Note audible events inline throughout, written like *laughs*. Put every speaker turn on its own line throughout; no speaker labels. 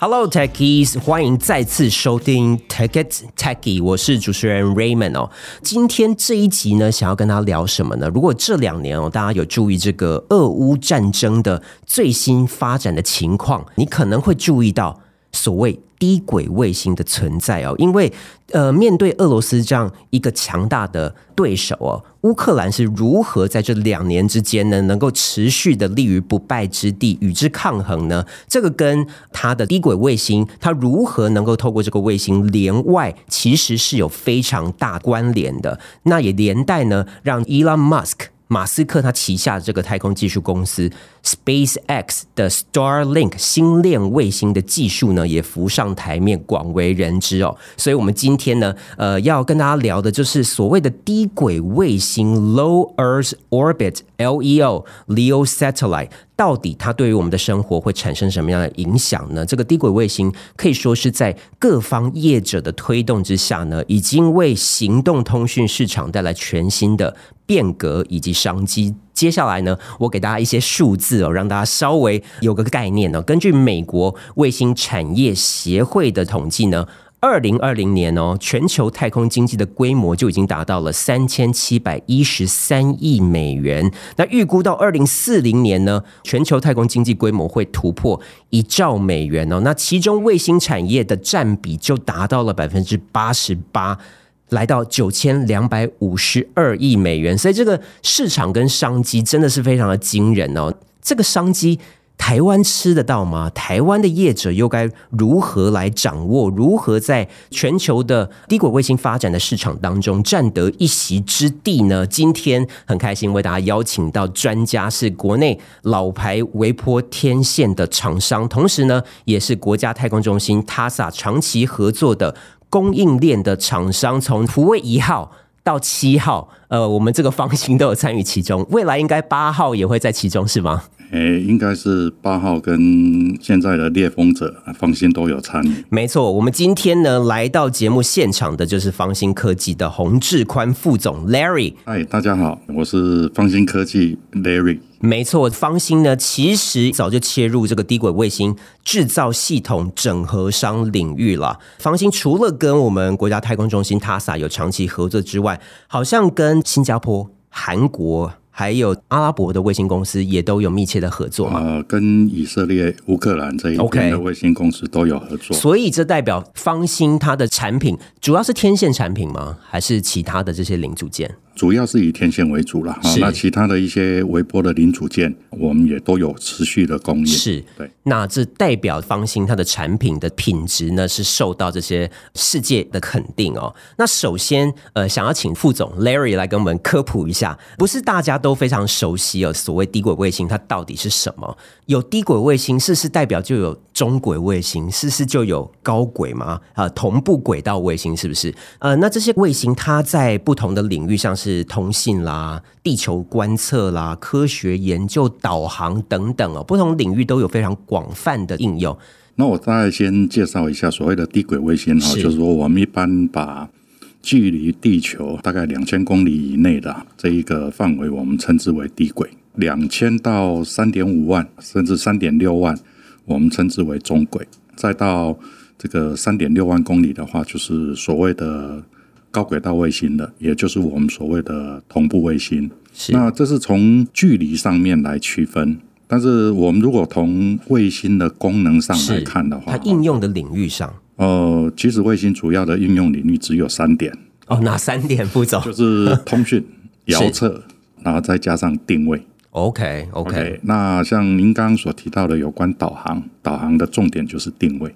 Hello, techies，歡迎再次收聽 Tech It Techie，我是主持人 Raymond 哦。今天這一集呢，想要跟大家聊什麼呢？如果這兩年哦，大家有注意這個俄烏戰爭的最新發展的情況，你可能會注意到。所謂低軌衛星的存在哦，因為呃，面對俄羅斯這樣一個強大的對手哦，烏克蘭是如何在這兩年之間呢，能夠持續的立於不敗之地，與之抗衡呢？這個跟它的低軌衛星，它如何能夠透過這個衛星連外，其實是有非常大關聯的。那也連帶呢，讓 Elon Musk。馬斯克他旗下的這個太空技術公司 SpaceX 的 Starlink 星鏈衛星的技術呢，也浮上台面，廣為人知哦。所以，我們今天呢，呃，要跟大家聊的就是所謂的低軌衛星 （Low Earth Orbit）。LEO, Leo Leo Satellite，到底它對於我們的生活會產生什麼樣的影響呢？這個低軌衛星可以說是在各方業者的推動之下呢，已經為行動通訊市場帶來全新的變革以及商機。接下來呢，我給大家一些數字哦，讓大家稍微有個概念呢，哦。根據美國衛星產業協會的統計呢。二零二零年哦，全球太空經濟的規模就已經達到了三千七百一十三億美元。那預估到二零四零年呢，全球太空經濟規模會突破一兆美元哦。那其中衛星產業的佔比就達到了百分之八十八，來到九千兩百五十二億美元。所以這個市場跟商機真的是非常的驚人哦。這個商機。台灣吃得到嗎？台灣的業者又該如何來掌握？如何在全球的低軌衛星發展的市場當中佔得一席之地呢？今天很開心為大家邀請到專家，是國內老牌微波天線的廠商，同時呢也是國家太空中心 TASA 長期合作的供應鏈的廠商，從福衛一號到七號，呃，我們這個芳興都有參與其中，未來應該八號也會在其中，是嗎？
哎、欸，應該是八號跟
現在的獵風者，芳興都有參與。沒錯，我們今天呢，來到節目現場的就是芳興科技的洪誌寬副總 Larry。嗨，大家好，我
是芳興科技 Larry。
沒錯，芳興呢，其實早就切入這個低軌衛星制造系統整合商領域了。芳興除了跟我們國家太空中心 TASA 有長期合作之外，好像跟新加坡、韓國。還有阿拉伯的衛星公司也都有密切的合作啊、呃，跟以色列、
烏克蘭這一邊的衛星公司都有合作。Okay、所
以這代表芳興它的產品主要是天線產品嗎？還是其他的這些零組件？
主要是以天線為主了，是那其他的一些微波的零組件，我們也都有持續的供應。是，對，
那這代表芳興它的產品的品質呢，是受到這些世界的肯定哦。那首先，呃，想要請副總 Larry 來跟我們科普一下，不是大家都非常熟悉哦，所謂低軌衛星它到底是什麼？有低軌衛星，是不是代表就有？中軌衛星，是不是就有高軌嘛？啊，同步軌道衛星，是不是？呃，那這些衛星它在不同的領域像是通信啦、地球觀測啦、科學研究、導航等等哦、喔，不同領域都有非常廣泛的應用。
那我再先介紹一下所謂的低軌衛星哈，是就是說我們一般把距離地球大概兩千公里以內的這一個範圍，我們稱之為低軌，兩千到三點五萬，甚至三點六萬。我們稱之為中軌，再到這個三點六萬公里的話，就是所謂的高軌道衛星了，也就是我們所謂的同步衛星。是那這是從距離上面來區分，但是我們如果從衛星的功能上來看的話，它應用的領域上，呃，其實衛星主要的應用領域只有三點。哦，哪三點不走？就是通訊、遙測 *laughs* 是，然後再加上定位。OK，OK。Okay, okay. Okay, 那像您剛剛所提到的，有關導航，導航的重點就是定位。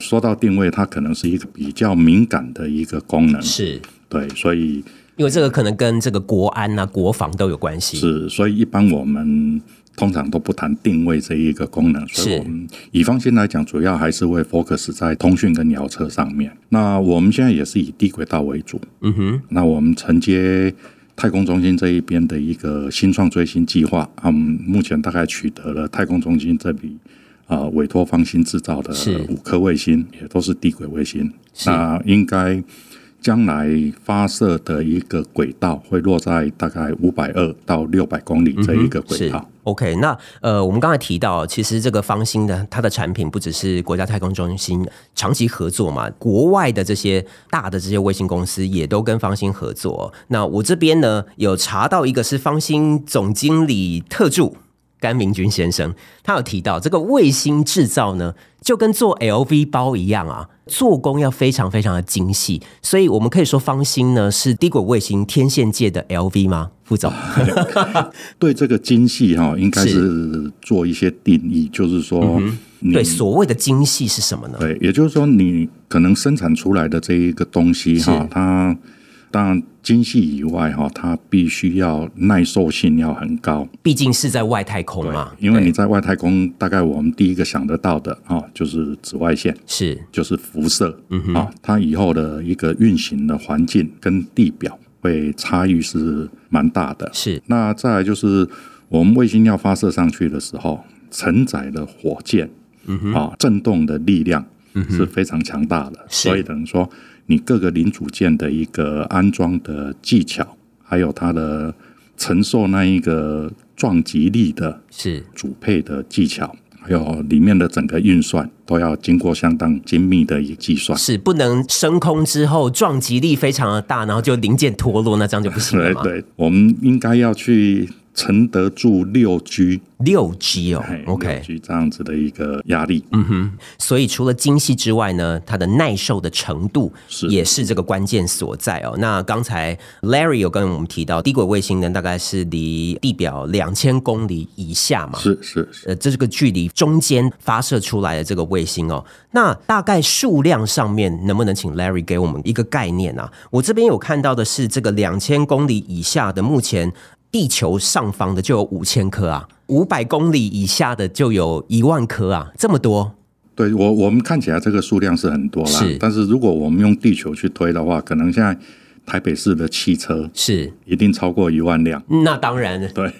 說到定位，它可能是一個比較敏感的一個功能，是，對，所以因為這個可能跟這個國安啊、國防都有關係。是，所以一般我們通常都不談定位這一個功能。是，以芳興來講，主要還是會 focus 在通訊跟遙測上面。那我們現在也是以低軌道為主。嗯哼。那我們承接，太空中心這一邊的一個新創追星計劃，他目前大概取得了太空中心這筆啊、呃、委託方新製造的是、呃、五顆衛星，也都是低軌衛星，是那應該。將來發射的一個軌道會落在大概五百二到六百公里這一個軌道、嗯。
O、OK, K，那呃，我們剛才提到，其實這個芳興的它的產品不只是國家太空中心長期合作嘛，國外的這些大的這些衛星公司也都跟芳興合作。那我這邊呢，有查到一個是芳興總經理特助，甘明君先生，他有提到這個衛星製造呢，就跟做 LV 包一樣啊，做工要非常非常的精細。所以，我們可以說芳興呢是低軌衛星天線界的 LV 嗎？副總，
對這個精細哈、哦，應該是做一些定義，是就是說、嗯，對所謂的精細是什麼呢？對，也就是說，你可能生產出來的這一個東西哈、哦，是它。當然，精細以外哈，它必須要耐受性要很高。
畢竟是在外太空嘛。
因為你在外太空，對大概我們第一個想得到的就是紫外線，是就是輻射，嗯哼，啊，它以後的一個運行的環境跟地表會差異是蠻大的。是。那再來就是我們衛星要發射上去的時候，承載的火箭，嗯哼，啊、哦，震動的力量，是非常強大的，嗯、所以等於說。你各個零組件的一個安裝的技巧，還有它的承受那一個撞擊力的，是主配的技巧，是還有裡面的整個運算都要經過相當精密的一個計算，是，不能升空
之後撞擊力非常的大，然後就零件脫落，那這樣就不行了。 *laughs* 對對，
我們應該要去。承得住六 G，六 G 哦對，OK，六 G 這樣子的一
個壓力，嗯哼。所以除了精細之外呢，它的耐受的程度也是這個關鍵所在哦。是那剛才 Larry 有跟我們提到，低軌衛星呢大概是離地表兩千公里以下嘛？是是是，呃，這個距離中間發射出來的這個衛星哦，那大概數量上面能不能請 Larry 給我們一個概念啊？我這邊有看到的是這個兩千公里以下的目前。地球上方的就有五千顆啊，五百公里以下的就有一萬顆
啊，這麼多。對我，我們看起來這個數量是很多啦，是。但是如果我們用地球去推的話，可能現在。台北市的汽車是一定超過一萬輛，那當然，對。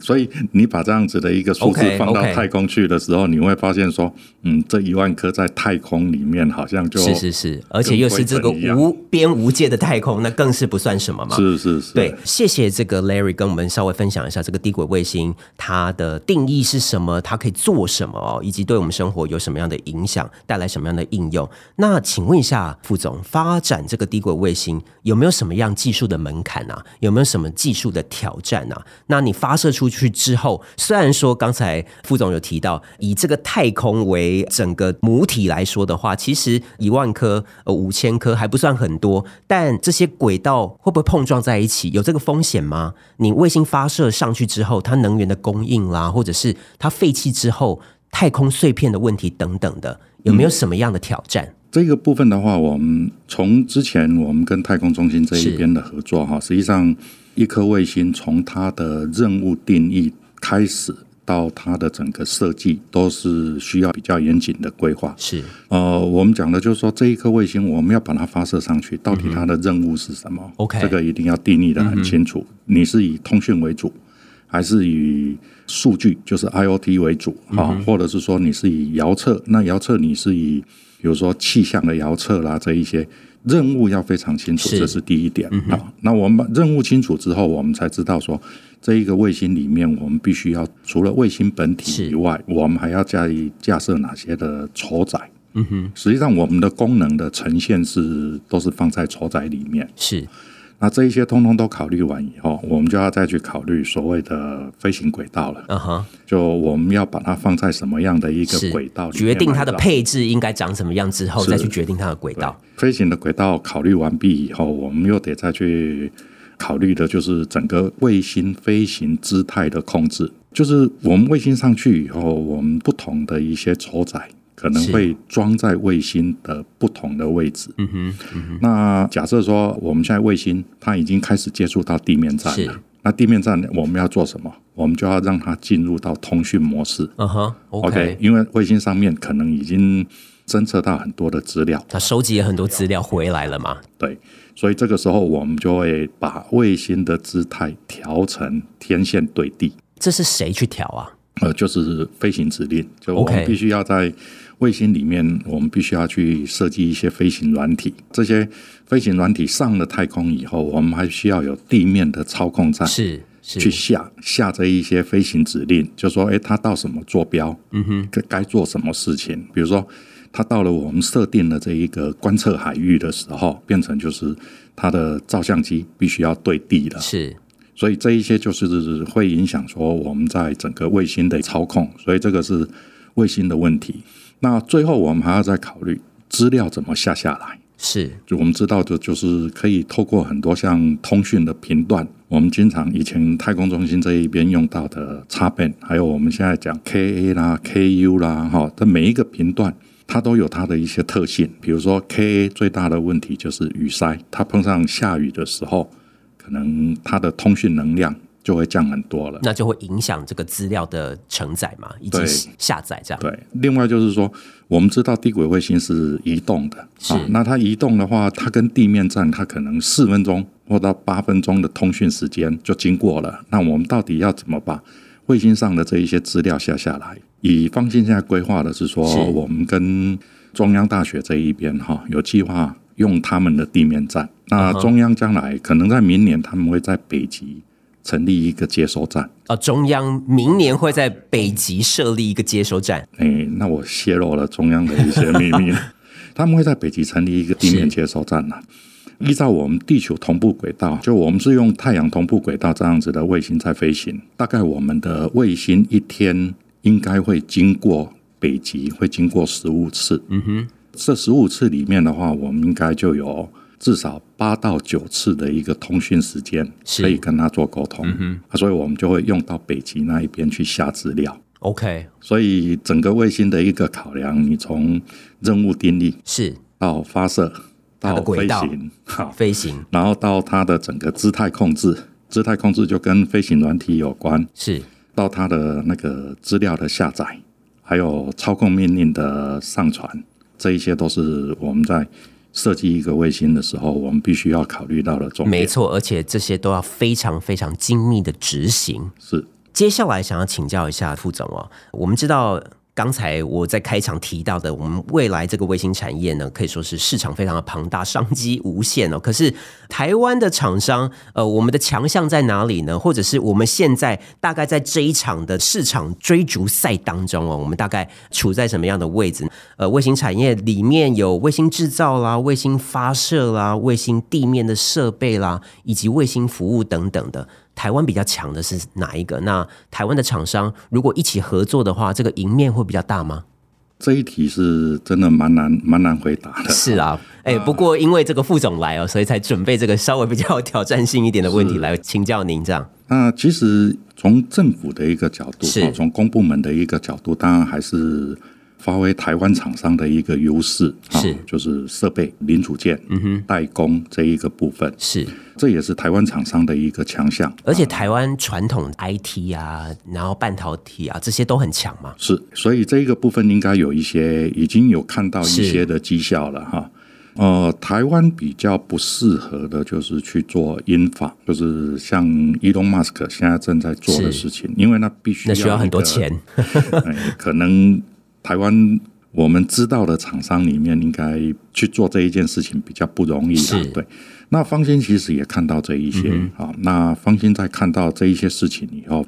所以你把這樣子的一個數字放到太空去的時候，okay, okay, 你會發現說，嗯，這一萬顆在太空裡面好像就，是是是，而且又是這個
無邊無界的太空， *laughs* 那更是不算什麼嘛。是是是，對，謝謝這個 Larry 跟我們稍微分享一下這個低軌衛星它的定義是什麼，它可以做什麼哦，以及對我們生活有什麼樣的影響，帶來什麼樣的應用。那請問一下副總，發展這個低軌衛星有？有沒有什麼樣技術的門檻啊？有沒有什麼技術的挑戰啊？那你發射出去之後，雖然說剛才副總有提到，以這個太空為整個母體來說的話，其實一萬顆、呃五千顆還不算很多，但這些軌道會不會碰撞在一起？有這個風險嗎？你衛星發射上去之後，它能源的供應啦、啊，或者是它廢棄之後太空碎片的問題等等的，有沒有什麼樣的挑戰？
嗯這個部分的話，我們從之前我們跟太空中心這一邊的合作哈，是。實際上一顆衛星從它的任務定義開始到它的整個設計，都是需要比較嚴謹的規劃。是呃，我們講的就是說這一顆衛星我們要把它發射上去，到底它的任務是什麼？OK，嗯哼。這個一定要定義的很清楚。嗯哼。你是以通訊為主。還是以數據，就是 IoT 為主啊，嗯、哼或者是說你是以遙測，那遙測你是以比如說氣象的遙測啦，這一些任務要非常清楚，是這是第一點啊、嗯哼。那我們任務清楚之後，我們才知道說這一個衛星裡面，我們必須要除了衛星本體以外，是我們還要加以架設哪些的酬載。嗯哼，實際上我們的功能的呈現是都是放在酬載裡面是。那這一些通通都考慮完以後，我們就要再去考慮所謂的飛行軌道了。啊哈、uh-huh、就我們要把它放在什麼樣的一個軌道裡面？決定它的配
置應該長什麼樣之後，是再去決
定它的軌道。飛行的軌道考慮完畢以後，我們又得再去考慮的就是整個衛星飛行姿態的控制。就是我們衛星上去以後，我們不同的一些酬載。可能會裝在衛星的不同的位置。嗯哼，嗯哼，那假設說我們現在衛星它已經開始接觸到地面站了，是。那地面站我們要做什麼？我們就要讓它進入到通訊模式。嗯
哼，okay，OK，
因為衛星上面可能已經偵測到很多的資料，它收集了很多資料回來了嘛？對，所以這個時候我們就會把衛星的姿態調成天線對地。這是誰去調啊？呃，就是飛行指令，就我們必須要在，衛星裡面，我們必須要去設計一些飛行軟體。這些飛行軟體上了太空以後，我們還需要有地面的操控站，是，是去下下這一些飛行指令，就說，誒、欸，它到什麼坐標？嗯哼，該該做什麼事情？比如說，它到了我們設定的這一個觀測海域的時候，變成就是它的照相機必須要對地了。是，所以這一些就是會影響說我們在整個衛星的操控，所以這個是衛星的問題。那最後我們還要再考慮資料怎麼下下來。是，就我們知道的就是可以透過很多像通訊的頻段，我們經常以前太空中心這一邊用到的 X band，還有我們現在講 Ka 啦、Ku 啦，哈，這每一個頻段它都有它的一些特性。比如說 Ka 最大的問題就是雨衰，它碰上下雨的時候，可能它的通訊能量。就會降很多了，
那就會影響這個資料的承載嘛，以及對下載這樣。對，
另外就是說，我們知道低軌衛星是移動的，是、哦、那它移動的話，它跟地面站它可能四分鐘或到八分鐘的通訊時間就經過了。那我們到底要怎麼把衛星上的這一些資料下下來，以芳興現在規劃的是說，是我們跟中央大學這一邊哈、哦，有計劃用他們的地面站。那中央將來、嗯、哼可能在明年，他們會在北極。成立一個接收站
啊、哦，中央明年會在北極設立一個接收站。誒、哎，
那我洩露了中央的一些秘密。 *laughs* 他們會在北極成立一個地面接收站呢、啊。是依照我們地球同步軌道，就我們是用太陽同步軌道這樣子的衛星在飛行。大概我們的衛星一天應該會經過北極，會經過十五次。嗯哼，這十五次裡面的話，我們應該就有。至少八到九次的一個通訊時間，是可以跟他做溝通，嗯、哼所以我們就會用到北極那一邊去下資料。OK，所以整個衛星的一個考量，你從任務定義是到發射，到飛行，
軌道好飛行，
然後到它的整個姿態控制，姿態控制就跟飛行軟體有關，是到它的那個資料的下載，還有操控命令的上傳，這一些都是我們在。設計一個衛星的時候，我們必須要考慮到的重點。沒錯，
而且這些都要非常非常精密的執行。是，接下來想要請教一下副總哦，我們知道。剛才我在開場提到的，我們未來這個衛星產業呢，可以說是市場非常的龐大，商機無限哦。可是台灣的廠商，呃，我們的強項在哪裡呢？或者是我們現在大概在這一場的市場追逐賽當中哦，我們大概處在什麼樣的位置？呃，衛星產業裡面有衛星製造啦、衛星發射啦、衛星地面的設備啦，以及衛星服務等等的。台灣比較強的是哪一個？那台灣的廠商如果一起合作的話，這個贏面會比較大嗎？
這一題是真的蠻難，蠻難回答的。是啊，啊、欸，不過因為這個副
總來了，所以才準備這個稍微比較挑戰性一點的問題來是請教您，這樣。
那其實從政府的一個角度，從公是部門的一個角度，當然還是。發揮台灣廠商的一個優勢是，就是設備、零組件、嗯、哼代工這一個部分，是這也是台灣廠商的一個強項。
而且台灣傳統 IT 啊，然後半導體啊，這些都很強嘛。
是，所以這一個部分應該有一些已經有看到一些的績效了哈。是呃，台灣比較不適合的就是去做 infra，就是像 Elon Musk 現在正在做的事情，是因為那必須要那個，那需要很多錢，哎、可能。台灣我們知道的廠商裡面，應該去做這一件事情比較不容易，啊是，對。那芳興其實也看到這一些啊、嗯嗯。那芳興在看到這一些事情以後，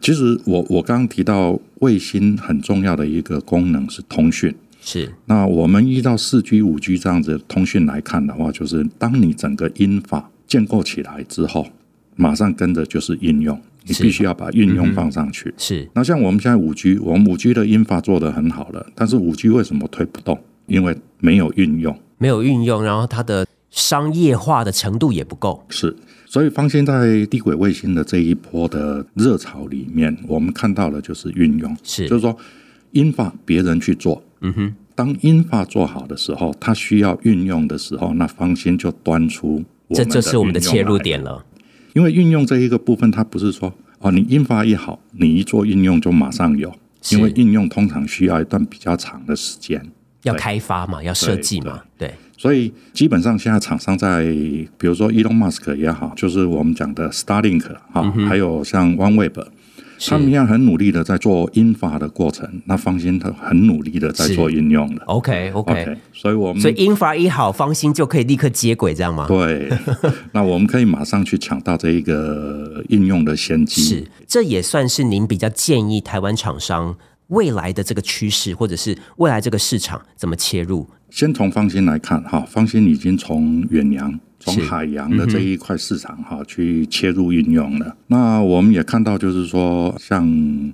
其實我我剛剛提到衛星很重要的一個功能是通訊，是。那我們遇到四 G、五 G 這樣子的通訊來看的話，就是當你整個 INFRA 建構起來之後，
馬上
跟着就是應用。你必須要把運用放上去。是，嗯嗯，是。那像我們現在五 G，我們五 G 的 infra 做得很好了，但是五 G 為什麼推不動？因為沒有運用，
沒有運用，嗯、然後它的
商業化的程度也不夠。是，所以芳興在低軌衛星的這一波的熱潮裡面，我們看到的就是運用。是，就是說 infra 別人去做，嗯哼，當 infra 做好的時候，它需要運用的時候，那芳興就端出，這就是我們的切入點了。因為運用這一個部分，它不是說哦，你研發，也好，你一做運用就馬上有，是因為運用通常需要一段比較長的時間，
要開發嘛，對要設計嘛，對，
對，對。對，所以基本上現在廠商在，比如說 Elon Musk 也好，就是我們講的 Starlink，嗯、哼還有像 OneWeb。是他們一樣很努力的在做 INFRA 的過程，那芳興，他很努力的在做應用的
OK okay, OK，所以我們所以 INFRA 一好，芳興就可以立刻接軌，這樣嗎？對，
*laughs* 那我們可以馬上去搶到這一個應用的先機。是，
這也算是您比較建議台灣廠商未來的這個趨勢，或者
是未來這個市場怎麼切入？先從芳興來看哈，芳興已經從遠洋。從海洋的這一塊市場哈去切入運用的，嗯、那我們也看到，就是說像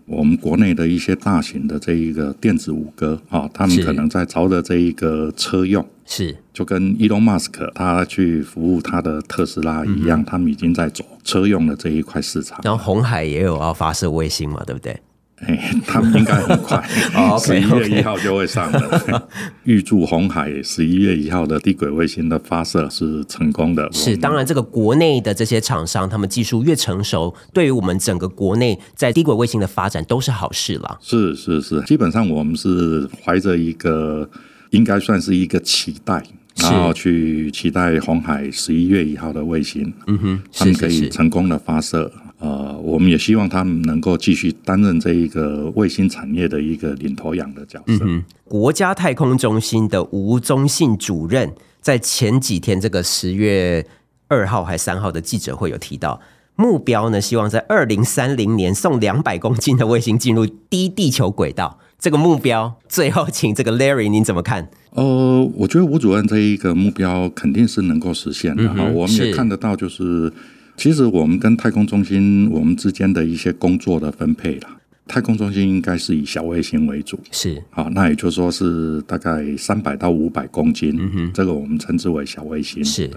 我們國內的一些大型的這一個電子五哥啊，他們可能在朝着這一個車用，是就跟伊隆·馬斯克他去服務他的特斯拉一樣，嗯、哼他們已經在走車用的這一塊市場。然後鴻海也有要發射衛星嘛，對不對？欸、他們應該很快，十一、 *laughs* oh, okay, okay. 月一號就會上了。預祝 *laughs* 紅海十一月一號的低軌衛星的發射
是成功的是。當然，這個國內的這些廠商，他們技術越成熟，對於我們整個國內在低軌衛星的發展都是好事了。
是是是，基本上我們是懷着一個應該算是一個期待，然後去期待紅海十一月一號的衛星，嗯哼是，他們可以成功的發射。嗯。呃，我們也希望他們能夠繼續擔任這一個衛星產業的一個領頭羊的角色。
嗯，國家太空中心的吳宗信主任在前幾天這個十月二號還三號的記者會有提到目標呢，希望在二零三零年送兩百公斤的衛星進入低地球軌道。這個目標，最後請這個 Larry 您怎麼看？
呃，我覺得吳主任這一個目標肯定是能夠實現的。嗯、我們也看得到，就是。其實我們跟太空中心我們之間的一些工作的分配了，太空中心應該是以小衛星為主，是啊，那也就是說是大概三百到五百公斤，嗯、哼這個我們稱之為小衛星。是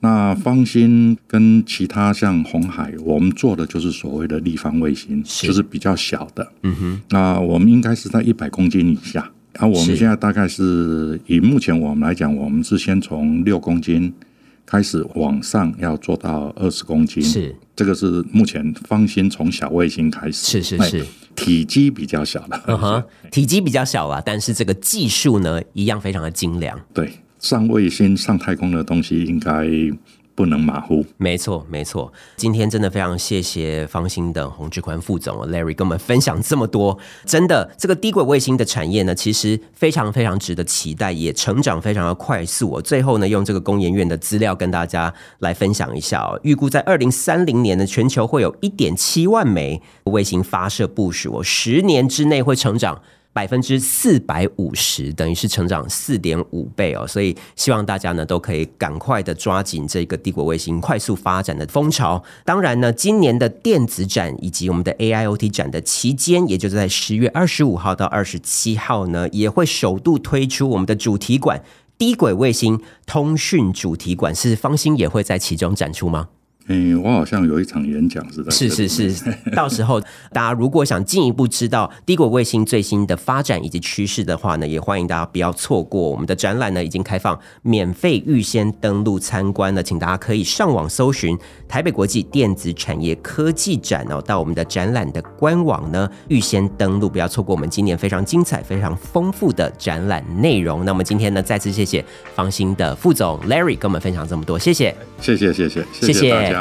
那芳興跟其他像紅海，我們做的就是所謂的立方衛星，是就是比較小的。嗯哼，那、啊、我們應該是在一百公斤以下，那、啊、我們現在大概是，是以目前我們來講，我們是先從六公斤。開始往上要做到二十公斤，是這個是目前芳興從小衛星開始，是是是，體積比較小
了，uh、huh, 體積比較小了，對但是這個技術呢，一樣非常的精良，
對，上衛星上太空的東西應該。不能馬虎，沒錯沒錯。今天真的非常謝謝芳
興的洪誌寬副總 Larry 跟我們分享這麼多，真的這個低軌衛星的產業呢，其實非常非常值得期待，也成長非常的快速哦。我最後呢，用這個工研院的資料跟大家來分享一下哦，預估在二零三零年呢，全球會有一點七萬枚衛星發射部署哦，我十年之內會成長。百分之四百五十，等於是成長四點五倍哦，所以希望大家呢都可以趕快的抓緊這個低軌衛星快速發展的風潮。當然呢，今年的電子展以及我們的 AIOT 展的期間，也就是在十月二十五號到二十七號呢，也會首度推出我們的主題館——低軌衛星通訊主題館，是芳興也會在其中展出嗎？
嗯、欸，我好像有一場演講似的。是是是，
*laughs* 到時候大家如果想進一步知道低軌衛星最新的發展以及趨勢的話呢，也歡迎大家不要錯過我們的展覽呢，已經開放免費預先登錄參觀了，請大家可以上網搜尋台北國際電子產業科技展哦，到我們的展覽的官網呢預先登錄，不要錯過我們今年非常精彩、非常豐富的展覽內容。那麼今天呢，再次謝謝方興的副總 Larry 跟我們分享這麼多，謝謝，
謝謝，謝謝，謝謝。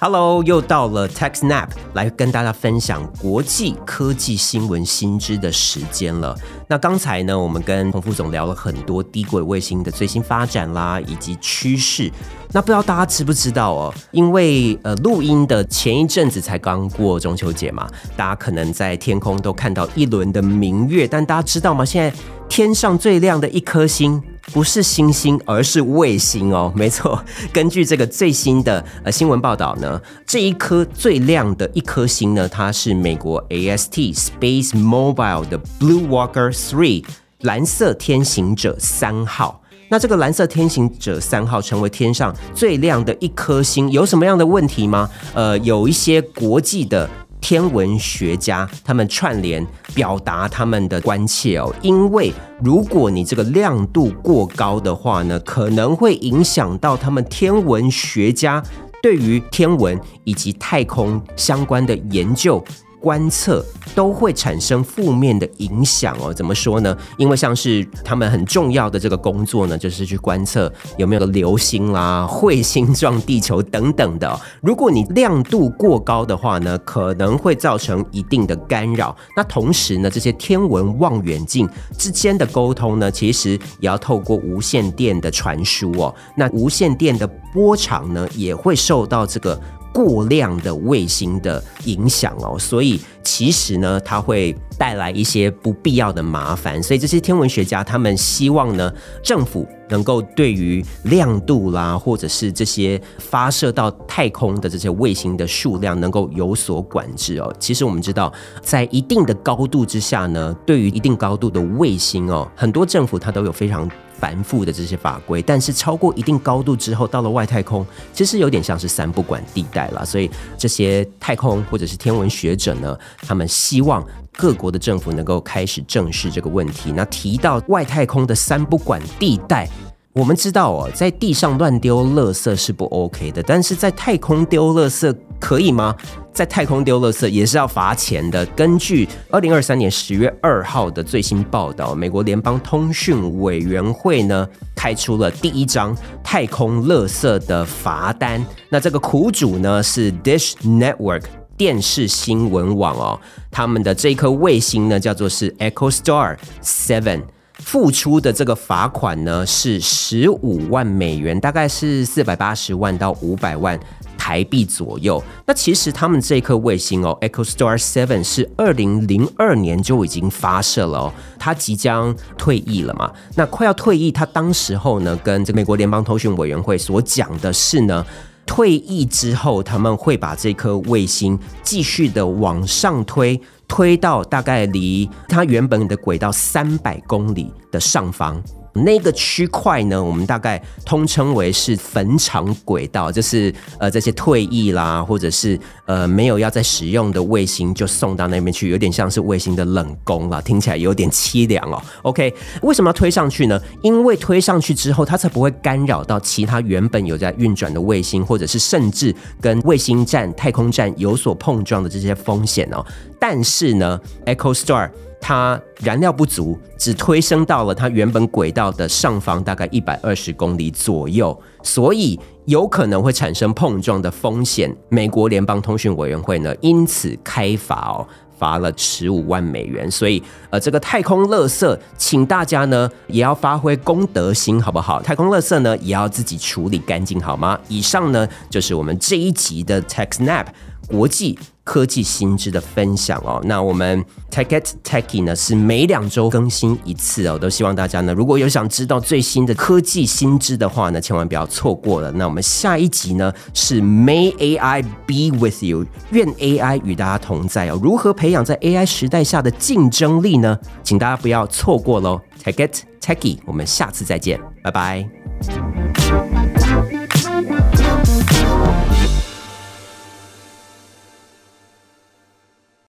Hello，又到了 Tech Snap 來跟大家分享國際科技新聞新知的時間了。那剛才呢，我們跟洪副總聊了很多低軌衛星的最新發展啦，以及趨勢。那不知道大家知不知道哦？因為呃，錄音的前一陣子才剛過中秋節嘛，大家可能在天空都看到一輪的明月，但大家知道嗎？現在天上最亮的一顆星不是星星，而是衛星哦。沒錯，根據這個最新的呃新聞報道呢，這一顆最亮的一顆星呢，它是美國 AST Space Mobile 的 Blue Walker Three，藍色天行者三號。那這個藍色天行者三號成為天上最亮的一顆星，有什麼樣的問題嗎？呃，有一些國際的。天文學家他們串聯表達他們的關切哦，因為如果你這個亮度過高的話呢，可能會影響到他們天文學家對於天文以及太空相關的研究。觀測都會產生負面的影響哦。怎麼說呢？因為像是他們很重要的這個工作呢，就是去觀測有沒有流星啦、啊、彗星撞地球等等的，哦。如果你亮度過高的話呢，可能會造成一定的干擾。那同時呢，這些天文望遠鏡之間的溝通呢，其實也要透過無線電的傳輸哦。那無線電的波長呢，也會受到這個。過量的衛星的影響哦，所以其實呢，它會帶來一些不必要的麻煩。所以這些天文學家，他們希望呢，政府能夠對於亮度啦，或者是這些發射到太空的這些衛星的數量能夠有所管制哦。其實我們知道，在一定的高度之下呢，對於一定高度的衛星哦，很多政府它都有非常。繁複的這些法規，但是超過一定高度之後，到了外太空，其實有點像是三不管地帶了。所以這些太空或者是天文學者呢，他們希望各國的政府能夠開始正視這個問題。那提到外太空的三不管地帶，我們知道哦，在地上亂丟垃圾是不 OK 的，但是在太空丟垃圾可以嗎？在太空丟垃圾也是要罰錢的。根據二零二三年十月二號的最新報道，美國聯邦通訊委員會呢，開出了第一張太空垃圾的罰單。那這個苦主呢，是 Dish Network 電視新聞網哦，他們的這顆衛星呢，叫做是 EchoStar 7，付出的這個罰款呢，是十五萬美元，大概是四百八十萬到五百萬台幣左右。那其實他們這顆衛星哦，EchoStar Seven 是二零零二年就已經發射了哦。它即將退役了嘛？那快要退役，它當時候呢，跟這美國聯邦通訊委員會所講的是呢，退役之後他們會把這顆衛星繼續的往上推，推到大概離它原本的軌道三百公里的上方。那個區塊呢，我們大概通稱為是墳場軌道，就是呃這些退役啦，或者是呃沒有要再使用的衛星，就送到那邊去，有點像是衛星的冷宮啊。聽起來有點淒涼哦。OK，為什麼要推上去呢？因為推上去之後，它才不會干擾到其他原本有在運轉的衛星，或者是甚至跟衛星站、太空站有所碰撞的這些風險哦。但是呢，Echo Star。E 它燃料不足，只推升到了它原本軌道的上方大概一百二十公里左右，所以有可能會產生碰撞的風險。美國聯邦通訊委員會呢，因此開罰哦，罰了十五萬美元。所以，呃，這個太空垃圾，請大家呢也要發揮公德心，好不好？太空垃圾呢，也要自己處理乾淨，好嗎？以上呢，就是我們這一集的 Tech Snap 國際。科技新知的分享哦，那我們 Tech it Techy 呢是每兩週更新一次哦，都希望大家呢如果有想知道最新的科技新知的話呢，千萬不要錯過了。那我們下一集呢是 May AI Be with You，願 AI 與大家同在哦。如何培養在 AI 時代下的競爭力呢？請大家不要錯過嘍。Tech it Techy 我們下次再見，拜拜。